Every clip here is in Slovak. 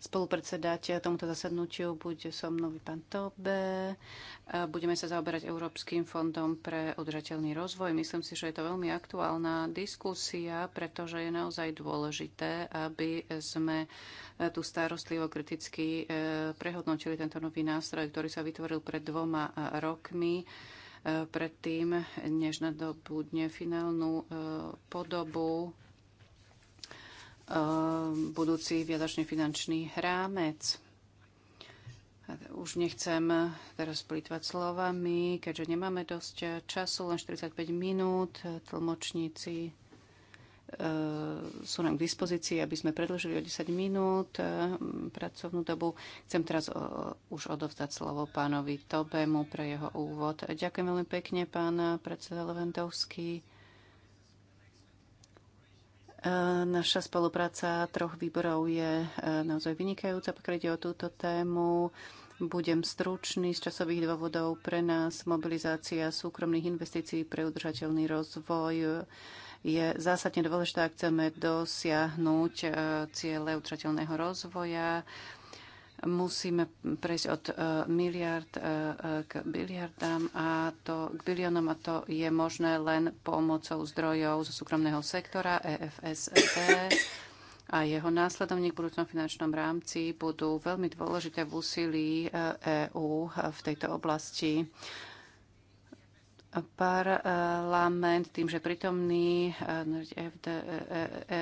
spolupredsedať tomuto zasadnutiu bude so mnou pán Tobe. Budeme sa zaoberať Európskym fondom pre udržateľný rozvoj. Myslím si, že je to veľmi aktuálna diskusia, pretože je naozaj dôležité, aby sme tu starostlivo kriticky e, prehodnotili tento nový nástroj, ktorý sa vytvoril pred dvoma rokmi e, predtým, než nadobudne finálnu e, podobu Ehm, budúci viazačný finančný rámec. Už nechcem teraz plýtvať slovami, keďže nemáme dosť času, len 45 minút. Tlmočníci ehm, sú nám k dispozícii, aby sme predlžili o 10 minút ehm, pracovnú dobu. Chcem teraz už odovzdať slovo pánovi Tobemu pre jeho úvod. Ďakujem veľmi pekne, pán predseda Levendovský. Naša spolupráca troch výborov je e, naozaj vynikajúca, pokiaľ ide o túto tému. Budem stručný z časových dôvodov pre nás. Mobilizácia súkromných investícií pre udržateľný rozvoj je zásadne dôležitá, ak chceme dosiahnuť e, ciele udržateľného rozvoja musíme prejsť od e, miliard e, e, k biliardám a to, k biliónom a to je možné len pomocou zdrojov zo súkromného sektora EFSD a jeho následovník v budúcom finančnom rámci budú veľmi dôležité v úsilí EÚ v tejto oblasti parlament tým, že prítomný eh,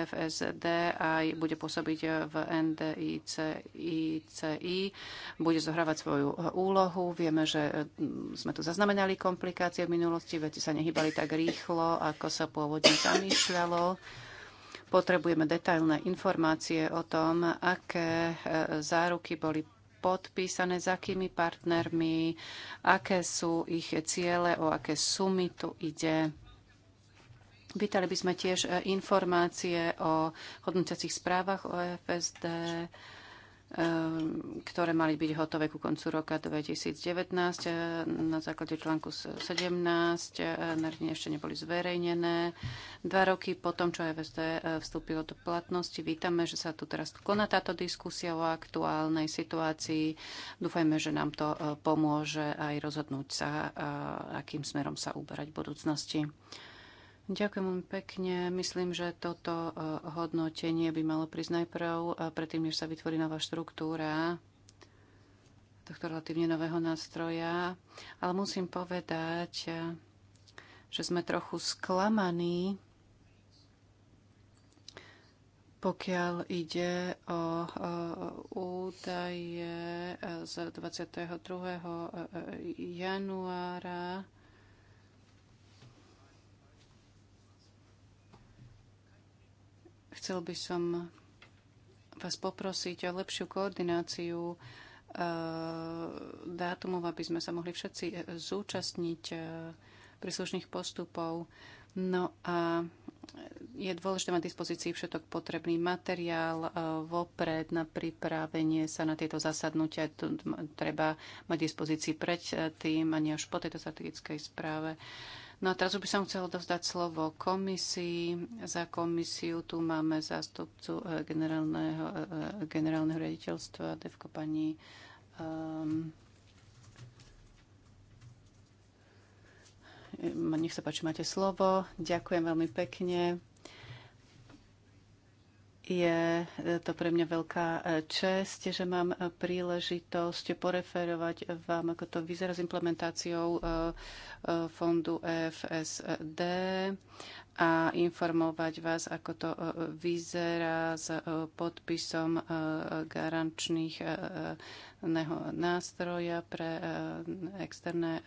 FSD eh, aj bude pôsobiť v NDICI, bude zohrávať svoju eh, úlohu. Vieme, že sme tu zaznamenali komplikácie v minulosti, veci sa nehybali tak rýchlo, ako sa pôvodne zamýšľalo. Potrebujeme detailné informácie o tom, aké záruky boli podpísané, s akými partnermi, aké sú ich ciele, o aké sumy tu ide. Vítali by sme tiež eh, informácie o hodnotiacich správach o FSD, Ehm, ktoré mali byť hotové ku koncu roka 2019. E, na základe článku 17 nariadenia e, ešte neboli zverejnené. Dva roky po tom, čo EVSD e, vstúpilo do platnosti, vítame, že sa tu teraz koná táto diskusia o aktuálnej situácii. Dúfajme, že nám to pomôže aj rozhodnúť sa, akým smerom sa uberať v budúcnosti. Ďakujem veľmi pekne. Myslím, že toto e, hodnotenie by malo prísť najprv, e, predtým, než sa vytvorí nová štruktúra tohto relatívne nového nástroja. Ale musím povedať, e, že sme trochu sklamaní, pokiaľ ide o údaje z 22. januára Chcel by som vás poprosiť o lepšiu koordináciu e, dátumov, aby sme sa mohli všetci zúčastniť e, príslušných postupov. No a je dôležité mať dispozícii všetok potrebný materiál e, vopred na pripravenie sa na tieto zasadnutia. Treba mať dispozícii pred tým, ani až po tejto strategickej správe. Uh, No a teraz by som chcela dozdať slovo komisii. Za komisiu tu máme zástupcu eh, generálneho, eh, eh, generálneho riaditeľstva Devko pani um, nech sa páči, máte slovo. Ďakujem veľmi pekne. Je e, to pre mňa veľká e, čest, že mám e, príležitosť poreferovať vám, ako to vyzerá s implementáciou fondu FSD a informovať vás, ako to vyzerá s podpisom garančných nástroja pre externé,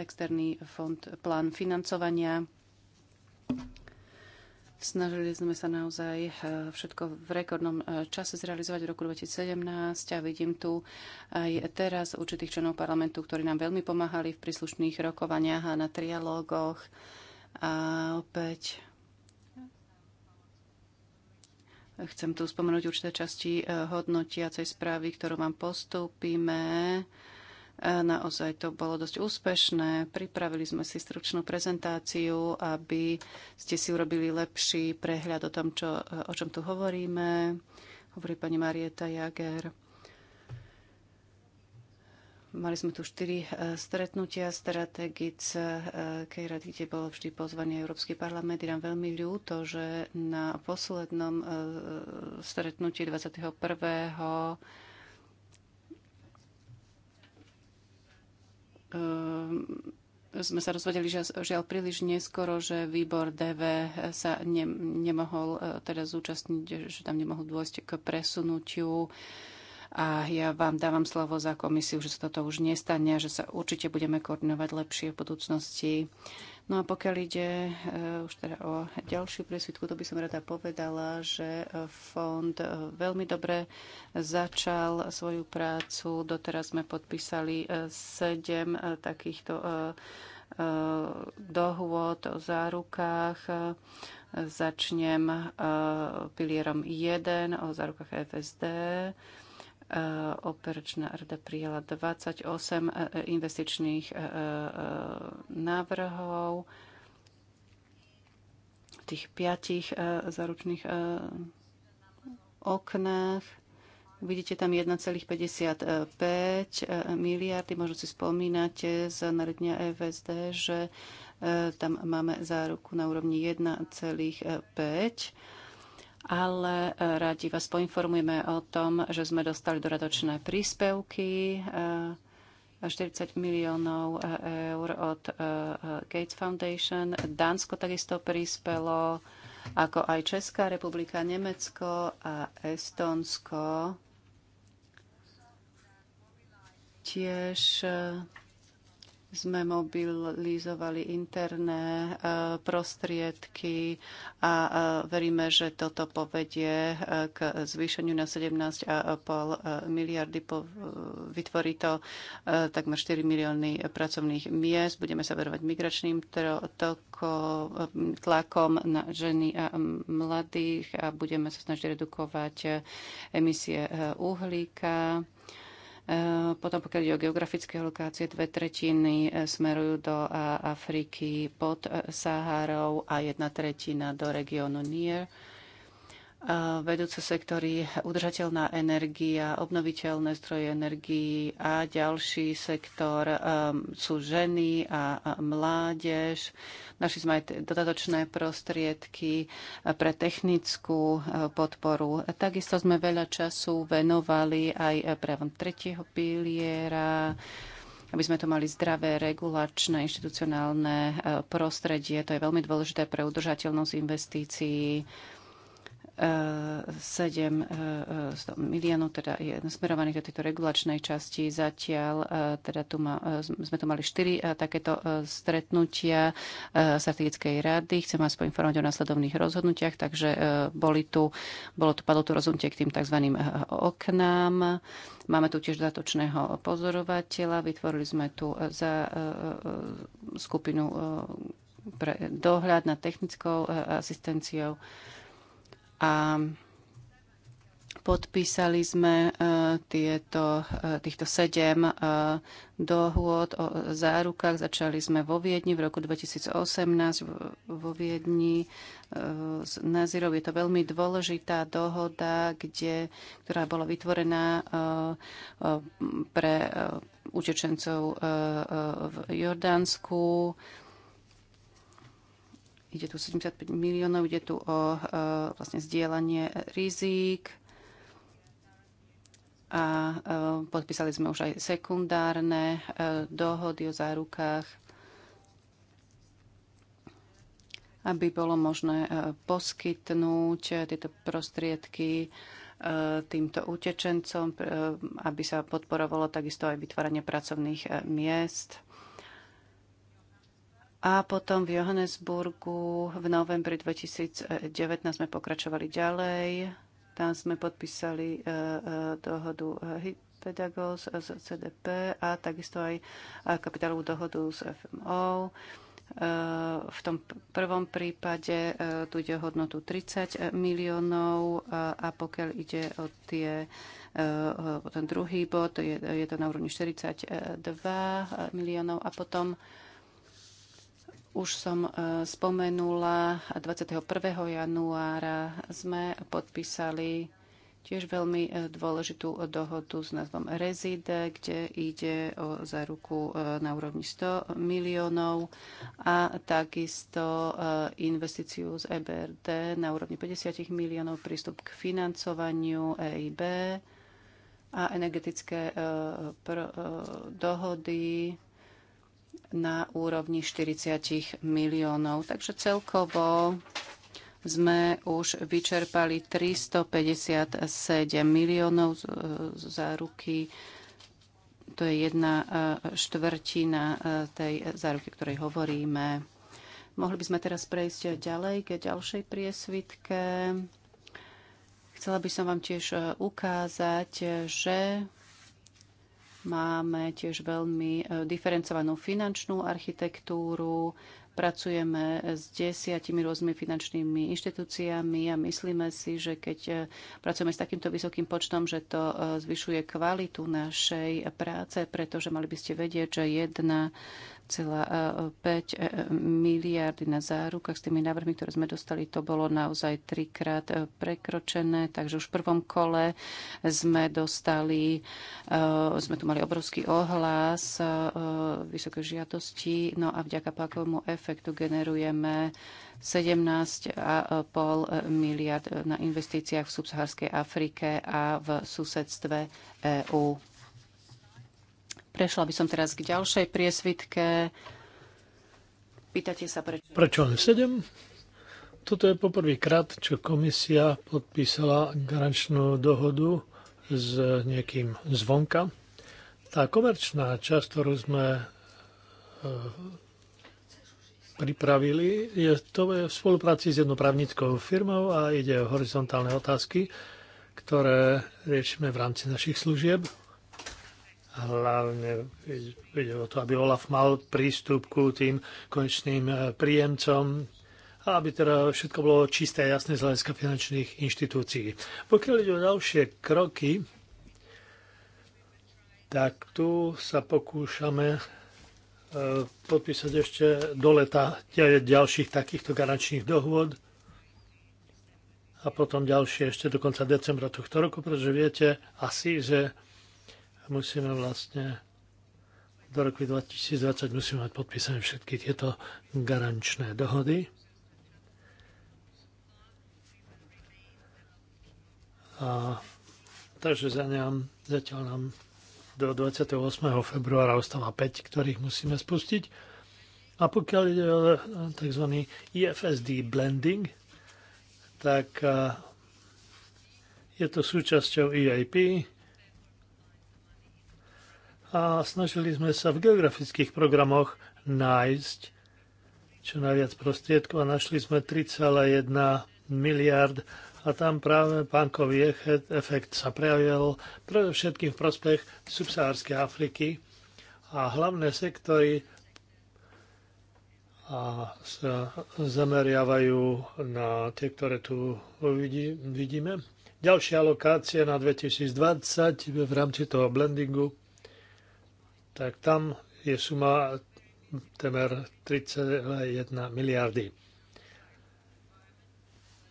externý fond, plán financovania. Snažili sme sa naozaj eh, všetko v rekordnom eh, čase zrealizovať v roku 2017 a vidím tu aj teraz určitých členov parlamentu, ktorí nám veľmi pomáhali v príslušných rokovaniach a na trialógoch. A opäť chcem tu spomenúť určité časti eh, hodnotiacej správy, ktorú vám postúpime E, naozaj to bolo dosť úspešné. Pripravili sme si stručnú prezentáciu, aby ste si urobili lepší prehľad o tom, čo, e, o čom tu hovoríme. Hovorí pani Marieta Jager. Mali sme tu štyri e, stretnutia keď rady, kde bol vždy pozvaný Európsky parlament. Je nám veľmi ľúto, že na poslednom stretnutí 21 Ehm, sme sa rozvedeli, že žiaľ príliš neskoro, že výbor DV sa ne, nemohol e, teda zúčastniť, že tam nemohol dôjsť k presunutiu. A ja vám dávam slovo za komisiu, že sa toto už nestane, že sa určite budeme koordinovať lepšie v budúcnosti. Uh, No a pokiaľ ide eh, už teda o ďalšiu presvitku, to by som rada povedala, že eh, fond eh, veľmi dobre začal svoju prácu. Doteraz sme podpísali sedem takýchto dohôd o zárukách. Začnem pilierom 1 o zárukách e FSD Eh, operačná rada prijala 28 eh, eh, investičných návrhov. V tých piatich zaručných oknách Vidíte tam 1,55 miliardy, možno si spomínate z naredňa EVSD, že tam máme záruku na úrovni 1,5 ale e, radi vás poinformujeme o tom, že sme dostali doradočné príspevky 40 e, miliónov e, eur od Gates Foundation. Dánsko takisto prispelo, ako aj Česká republika, Nemecko a Estonsko. Tiež sme mobilizovali interné e, prostriedky a e, veríme, že toto povedie e, k zvýšeniu na 17,5 miliardy. Vytvorí to takmer 4 milióny pracovných miest. Budeme sa verovať migračným tlakom na ženy a mladých a budeme sa snažiť redukovať emisie uhlíka Eh, potom pokiaľ ide o geografické lokácie, dve tretiny eh, smerujú do eh, Afriky pod Saharou a jedna tretina do regiónu Nier vedúce sektory udržateľná energia, obnoviteľné zdroje energií a ďalší sektor um, sú ženy a mládež. Našli sme aj dodatočné prostriedky pre technickú uh, podporu. Takisto sme veľa času venovali aj právom tretieho piliera, aby sme tu mali zdravé regulačné inštitucionálne uh, prostredie. To je veľmi dôležité pre udržateľnosť investícií 7 e, e, miliónov teda je smerovaných do tejto regulačnej časti. Zatiaľ e, teda tu ma, sme tu mali 4 takéto stretnutia strategickej rady. Chcem vás poinformovať o následovných rozhodnutiach, takže boli tu, bolo tu, padlo tu rozhodnutie k tým tzv. oknám. Máme tu tiež dodatočného pozorovateľa. Vytvorili sme tu za skupinu pre dohľad nad technickou asistenciou a podpísali sme e, tieto, e, týchto sedem e, dohôd o zárukách. Začali sme vo Viedni v roku 2018 vo Viedni s Nazirov. Je to veľmi dôležitá dohoda, kde, ktorá bola vytvorená pre utečencov v Jordánsku Ide tu 75 miliónov, ide tu o e, vlastne zdieľanie rizík a e, podpísali sme už aj sekundárne e, dohody o zárukách, aby bolo možné poskytnúť tieto prostriedky týmto utečencom, aby sa podporovalo takisto aj vytváranie pracovných miest. A potom v Johannesburgu v novembri 2019 sme pokračovali ďalej. Tam sme podpísali e, e, dohodu e, pedagóz z CDP a takisto aj kapitálovú dohodu s FMO. V tom prvom prípade tu ide o hodnotu 30 miliónov a pokiaľ ide o, tie, o ten druhý bod, je, je to na úrovni 42 miliónov a potom už som e, spomenula, 21. januára sme podpísali tiež veľmi e, dôležitú dohodu s názvom Rezide, kde ide o záruku e, na úrovni 100 miliónov a takisto investíciu z EBRD na úrovni 50 miliónov, prístup k financovaniu EIB a energetické dohody na úrovni 40 miliónov. Takže celkovo sme už vyčerpali 357 miliónov za ruky. To je jedna e, štvrtina e, tej e, záruky, o ktorej hovoríme. Mohli by sme teraz prejsť ďalej k ďalšej priesvitke. Chcela by som vám tiež ukázať, že Máme tiež veľmi e, diferencovanú finančnú architektúru, pracujeme s desiatimi rôznymi finančnými inštitúciami a myslíme si, že keď e, pracujeme s takýmto vysokým počtom, že to e, zvyšuje kvalitu našej práce, pretože mali by ste vedieť, že jedna 5 e, e, miliardy na zárukách. S tými návrhmi, ktoré sme dostali, to bolo naozaj trikrát e, prekročené. Takže už v prvom kole sme dostali, sme tu mali obrovský ohlas vysoké žiadosti. No a vďaka pakovému efektu generujeme 17,5 miliard na investíciách v subsaharskej Afrike a v susedstve EÚ. Prešla by som teraz k ďalšej priesvitke. Pýtate sa prečo? Prečo len 7? Toto je poprvýkrát, čo komisia podpísala garančnú dohodu s niekým zvonka. Tá komerčná časť, ktorú sme e, pripravili, je to je v spolupráci s jednou právnickou firmou a ide o horizontálne otázky, ktoré riešime v rámci našich služieb Hlavne ide o to, aby Olaf mal prístup ku tým konečným e, príjemcom a aby teda všetko bolo čisté a jasné z hľadiska finančných inštitúcií. Pokiaľ ide o ďalšie kroky, tak tu sa pokúšame e, podpísať ešte do leta ďalších takýchto garančných dohôd a potom ďalšie ešte do konca decembra tohto roku, pretože viete asi, že musíme vlastne do roku 2020 musíme mať podpísané všetky tieto garančné dohody. A, takže za nám, zatiaľ nám do 28. februára ostáva 5, ktorých musíme spustiť. A pokiaľ ide o tzv. IFSD e blending, tak je to súčasťou EIP, a snažili sme sa v geografických programoch nájsť čo najviac prostriedkov a našli sme 3,1 miliard a tam práve pánkový efekt sa prejavil predovšetkým v prospech subsahárskej Afriky a hlavné sektory a sa zameriavajú na tie, ktoré tu vidíme. Ďalšie alokácie na 2020 v rámci toho blendingu tak tam je suma temer 3,1 miliardy.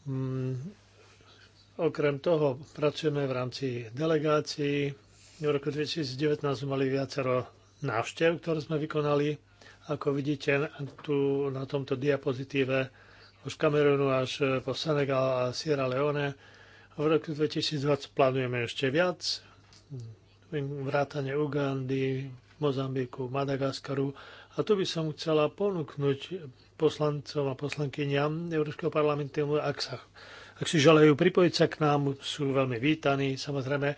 Mm, okrem toho pracujeme v rámci delegácií. V roku 2019 sme mali viacero návštev, ktoré sme vykonali. Ako vidíte tu na tomto diapozitíve už Kamerunu až e, po Senegal a Sierra Leone. V roku 2020 plánujeme ešte viac, vrátane Ugandy, Mozambiku, Madagaskaru. A tu by som chcela ponúknuť poslancom a poslankyňam Európskeho parlamentu, ak, sa, ak si želajú pripojiť sa k nám, sú veľmi vítaní. Samozrejme,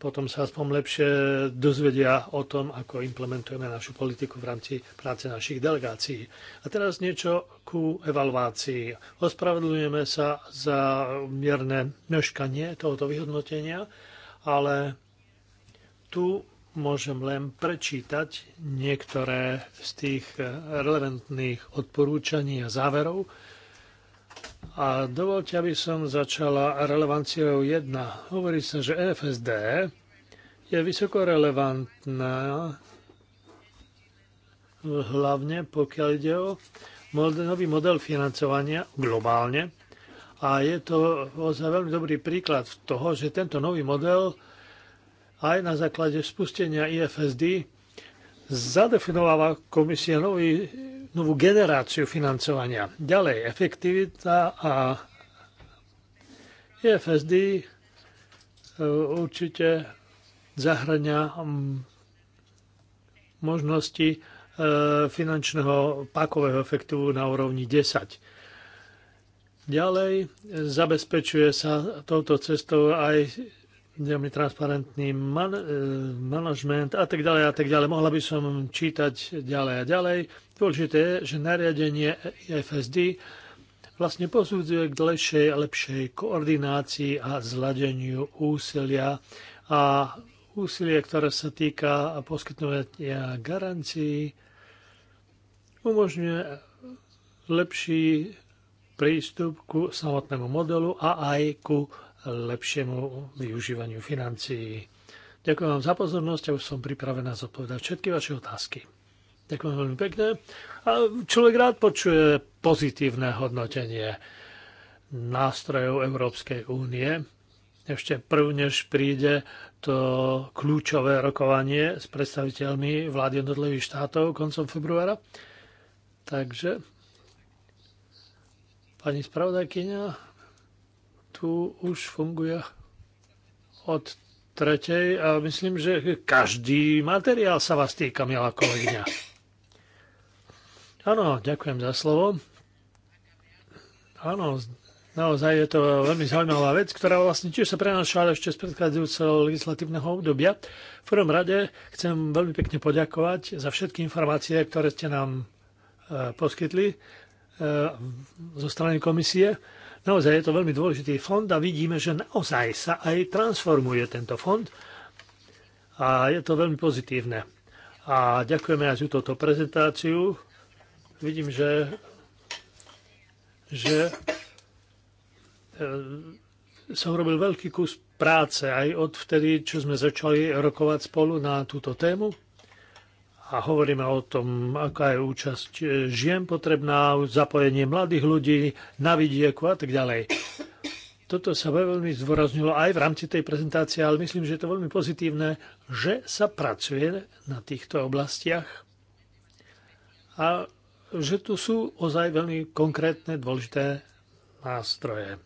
potom sa aspoň lepšie dozvedia o tom, ako implementujeme našu politiku v rámci práce našich delegácií. A teraz niečo ku evaluácii. Ospravedlňujeme sa za mierne meškanie tohoto vyhodnotenia, ale tu môžem len prečítať niektoré z tých eh, relevantných odporúčaní a záverov. A dovolte, aby som začala relevanciou 1. Hovorí sa, že FSD je vysoko relevantná hlavne pokiaľ ide o nový model financovania globálne. A je to ozaj veľmi dobrý príklad toho, že tento nový model aj na základe spustenia IFSD zadefinovala komisia nový, novú generáciu financovania. Ďalej, efektivita a IFSD e, určite zahrania mm, možnosti e, finančného pakového efektu na úrovni 10. Ďalej e, zabezpečuje sa touto cestou aj veľmi transparentný man, e, manažment a tak ďalej a tak ďalej. Mohla by som čítať ďalej a ďalej. Dôležité je, že nariadenie e FSD vlastne posudzuje k dlhšej a lepšej koordinácii a zladeniu úsilia a úsilie, ktoré sa týka poskytnutia garancií, umožňuje lepší prístup ku samotnému modelu a aj ku lepšiemu využívaniu financií. Ďakujem vám za pozornosť a už som pripravená zodpovedať všetky vaše otázky. Ďakujem veľmi pekne. A človek rád počuje pozitívne hodnotenie nástrojov Európskej únie. Ešte prv, než príde to kľúčové rokovanie s predstaviteľmi vlády jednotlivých štátov koncom februára. Takže, pani spravodajkyňa, tu už funguje od tretej a myslím, že každý materiál sa vás týka, milá kolegyňa. Áno, ďakujem za slovo. Áno, naozaj je to veľmi zaujímavá vec, ktorá vlastne tiež sa prenáša ešte z predchádzajúceho legislatívneho obdobia. V prvom rade chcem veľmi pekne poďakovať za všetky informácie, ktoré ste nám eh, poskytli eh, zo strany komisie Naozaj je to veľmi dôležitý fond a vidíme, že naozaj sa aj transformuje tento fond a je to veľmi pozitívne. A ďakujeme aj za túto prezentáciu. Vidím, že, že e, som robil veľký kus práce aj od vtedy, čo sme začali rokovať spolu na túto tému a hovoríme o tom, aká je účasť e, žien potrebná, zapojenie mladých ľudí na vidieku a tak ďalej. Toto sa veľmi zdôraznilo aj v rámci tej prezentácie, ale myslím, že je to veľmi pozitívne, že sa pracuje na týchto oblastiach a že tu sú ozaj veľmi konkrétne dôležité nástroje.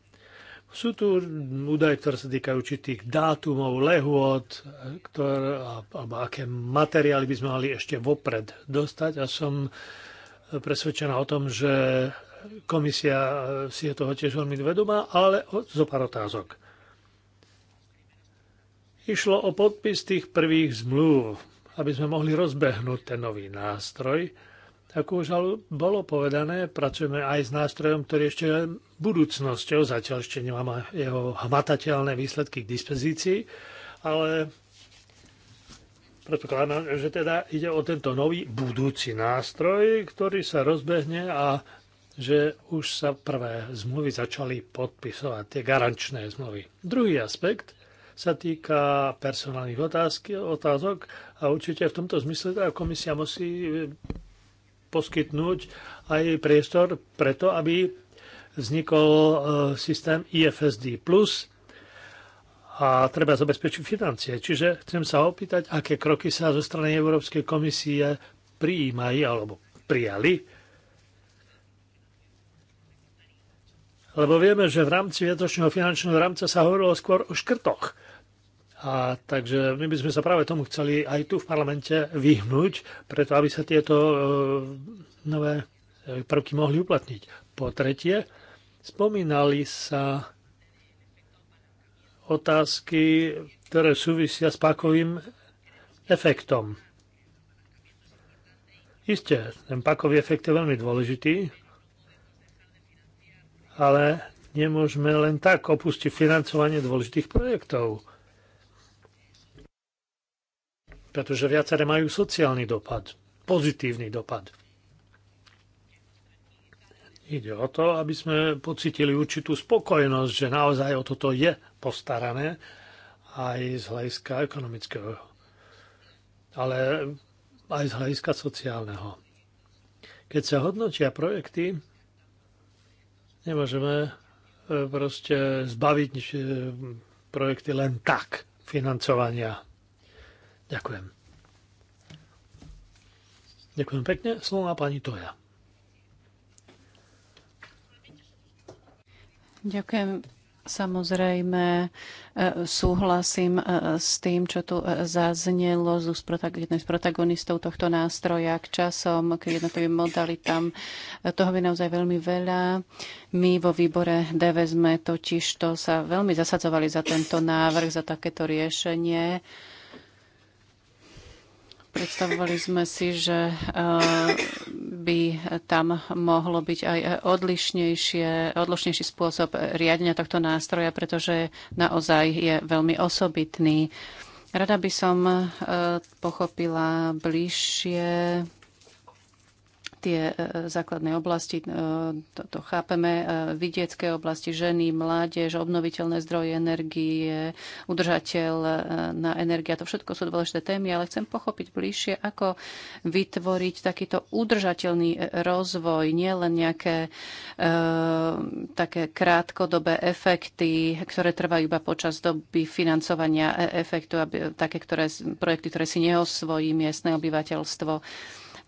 Sú tu údaje, ktoré sa týkajú určitých dátumov, lehôd, ktoré, alebo aké materiály by sme mali ešte vopred dostať a som presvedčená o tom, že komisia si je toho tiež veľmi vedomá, ale zo pár otázok. Išlo o podpis tých prvých zmluv, aby sme mohli rozbehnúť ten nový nástroj, ako už bolo povedané, pracujeme aj s nástrojom, ktorý ešte budúcnosťou, zatiaľ ešte nemáme jeho hmatateľné výsledky k dispozícii, ale predpokladám, že teda ide o tento nový budúci nástroj, ktorý sa rozbehne a že už sa prvé zmluvy začali podpisovať, tie garančné zmluvy. Druhý aspekt sa týka personálnych otázky, otázok a určite v tomto zmysle tá teda komisia musí poskytnúť aj priestor preto, aby vznikol e, systém IFSD+, a treba zabezpečiť financie. Čiže chcem sa opýtať, aké kroky sa zo strany Európskej komisie prijímajú alebo prijali. Lebo vieme, že v rámci vietočného finančného rámca sa hovorilo skôr o škrtoch. A takže my by sme sa práve tomu chceli aj tu v parlamente vyhnúť, preto aby sa tieto e, nové e, prvky mohli uplatniť. Po tretie, spomínali sa otázky, ktoré súvisia s pakovým efektom. Isté, ten pakový efekt je veľmi dôležitý, ale nemôžeme len tak opustiť financovanie dôležitých projektov pretože viaceré majú sociálny dopad, pozitívny dopad. Ide o to, aby sme pocitili určitú spokojnosť, že naozaj o toto je postarané aj z hľadiska ekonomického, ale aj z hľadiska sociálneho. Keď sa hodnotia projekty, nemôžeme e, proste zbaviť e, projekty len tak financovania Ďakujem. Ďakujem pekne. Slovo má pani Toja. Ďakujem. Samozrejme e, súhlasím e, s tým, čo tu e, zaznelo z jednej z protagonistov tohto nástroja k časom, k jednotlivým modalitám. Toho je naozaj veľmi veľa. My vo výbore DV sme totiž to sa veľmi zasadzovali za tento návrh, za takéto riešenie Predstavovali sme si, že eh, by tam mohlo byť aj odlišnejšie, odlišnejší spôsob riadenia tohto nástroja, pretože naozaj je veľmi osobitný. Rada by som eh, pochopila bližšie tie e, základné oblasti, e, to, to chápeme, e, vidiecké oblasti, ženy, mládež, obnoviteľné zdroje energie, udržateľ na energia, to všetko sú dôležité témy, ale chcem pochopiť bližšie, ako vytvoriť takýto udržateľný rozvoj, nielen len nejaké e, také krátkodobé efekty, ktoré trvajú iba počas doby financovania efektu, aby, také ktoré, projekty, ktoré si neosvojí miestne obyvateľstvo.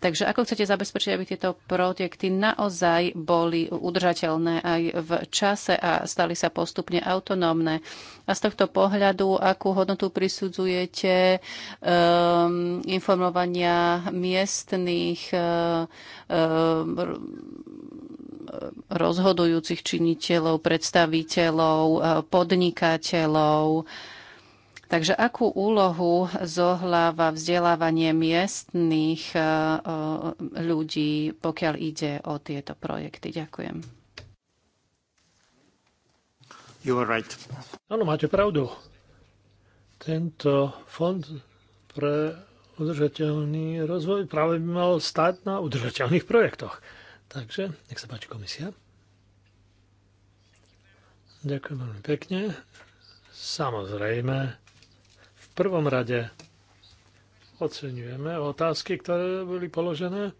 Takže ako chcete zabezpečiť, aby tieto projekty naozaj boli udržateľné aj v čase a stali sa postupne autonómne? A z tohto pohľadu, akú hodnotu prisudzujete um, informovania miestných um, rozhodujúcich činiteľov, predstaviteľov, podnikateľov, Takže akú úlohu zohláva vzdelávanie miestných e, e, ľudí, pokiaľ ide o tieto projekty? Ďakujem. You are right. Áno, máte pravdu. Tento fond pre udržateľný rozvoj práve by mal stať na udržateľných projektoch. Takže, nech sa páči komisia. Ďakujem veľmi pekne. Samozrejme, prvom rade oceňujeme otázky, ktoré boli položené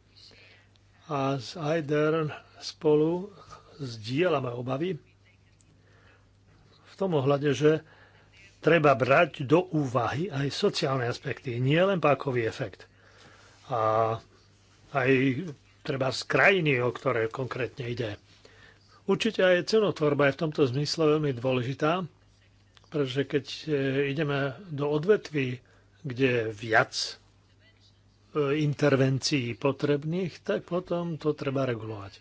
a s Aider spolu sdielame obavy v tom ohľade, že treba brať do úvahy aj sociálne aspekty, nie len pákový efekt. A aj treba z krajiny, o ktoré konkrétne ide. Určite aj cenotvorba je v tomto zmysle veľmi dôležitá, pretože keď e, ideme do odvetví, kde je viac e, intervencií potrebných, tak potom to treba regulovať.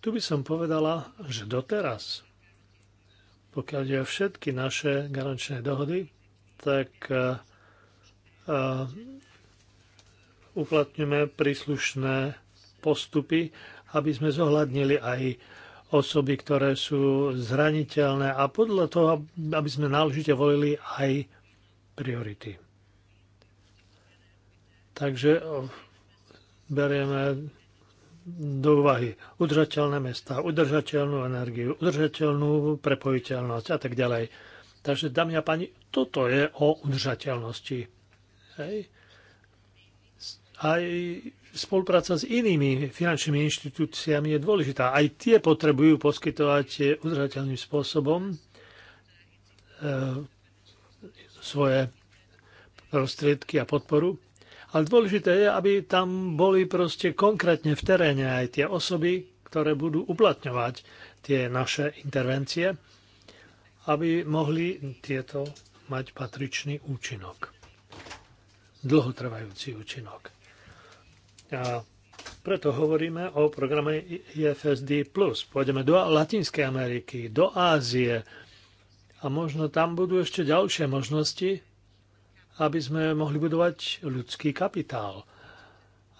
Tu by som povedala, že doteraz, pokiaľ je všetky naše garančné dohody, tak uh, uplatňujeme príslušné postupy, aby sme zohľadnili aj osoby, ktoré sú zraniteľné a podľa toho, aby sme náležite volili aj priority. Takže berieme do úvahy udržateľné mesta, udržateľnú energiu, udržateľnú prepojiteľnosť a tak ďalej. Takže, dámy a páni, toto je o udržateľnosti. Hej. Aj spolupráca s inými finančnými inštitúciami je dôležitá. Aj tie potrebujú poskytovať udržateľným spôsobom e, svoje prostriedky a podporu. Ale dôležité je, aby tam boli proste konkrétne v teréne aj tie osoby, ktoré budú uplatňovať tie naše intervencie, aby mohli tieto mať patričný účinok. Dlhotrvajúci účinok. A preto hovoríme o programe IFSD+. Pôjdeme do Latinskej Ameriky, do Ázie a možno tam budú ešte ďalšie možnosti, aby sme mohli budovať ľudský kapitál.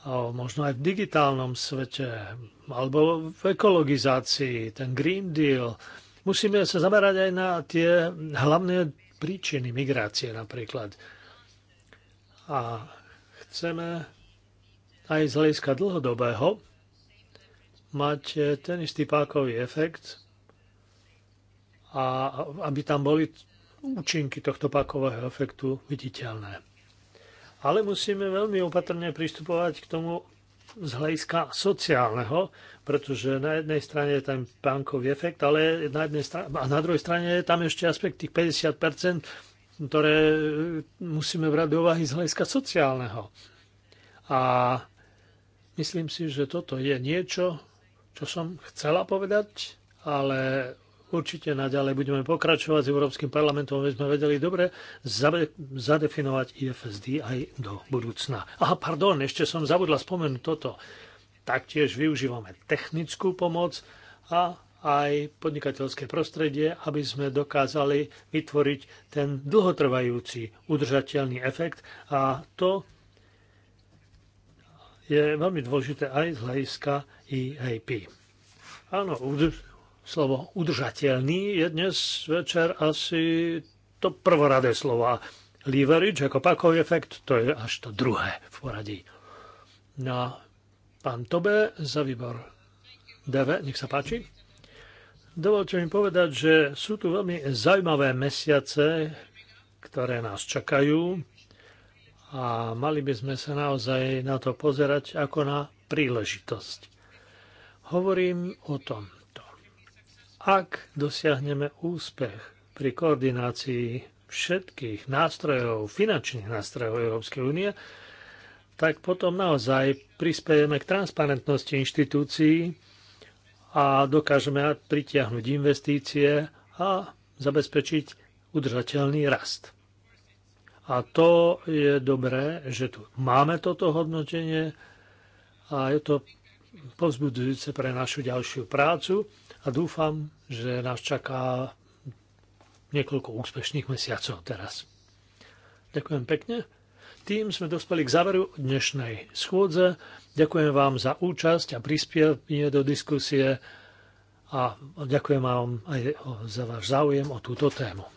A možno aj v digitálnom svete, alebo v ekologizácii, ten Green Deal. Musíme sa zamerať aj na tie hlavné príčiny migrácie napríklad. A chceme aj z hľadiska dlhodobého mať ten istý pákový efekt a aby tam boli účinky tohto pákového efektu viditeľné. Ale musíme veľmi opatrne pristupovať k tomu z hľadiska sociálneho, pretože na jednej strane je tam pánkový efekt, ale na jednej strane, a na druhej strane je tam ešte aspekt tých 50%, ktoré musíme brať do úvahy z hľadiska sociálneho. A Myslím si, že toto je niečo, čo som chcela povedať, ale určite naďalej budeme pokračovať s Európskym parlamentom, aby sme vedeli dobre zadefinovať IFSD aj do budúcna. Aha, pardon, ešte som zabudla spomenúť toto. Taktiež využívame technickú pomoc a aj podnikateľské prostredie, aby sme dokázali vytvoriť ten dlhotrvajúci udržateľný efekt a to je veľmi dôležité aj z hľadiska EAP. Áno, udrž- slovo udržateľný je dnes večer asi to prvoradé slovo. Leverage ako pakový efekt, to je až to druhé v poradí. Na no pán Tobe za výbor DV, nech sa páči. Dovolte mi povedať, že sú tu veľmi zaujímavé mesiace, ktoré nás čakajú a mali by sme sa naozaj na to pozerať ako na príležitosť. Hovorím o tomto. Ak dosiahneme úspech pri koordinácii všetkých nástrojov, finančných nástrojov Európskej únie, tak potom naozaj prispiejeme k transparentnosti inštitúcií a dokážeme pritiahnuť investície a zabezpečiť udržateľný rast. A to je dobré, že tu máme toto hodnotenie a je to povzbudujúce pre našu ďalšiu prácu a dúfam, že nás čaká niekoľko úspešných mesiacov teraz. Ďakujem pekne. Tým sme dospeli k záveru dnešnej schôdze. Ďakujem vám za účasť a prispievanie do diskusie a ďakujem vám aj za váš záujem o túto tému.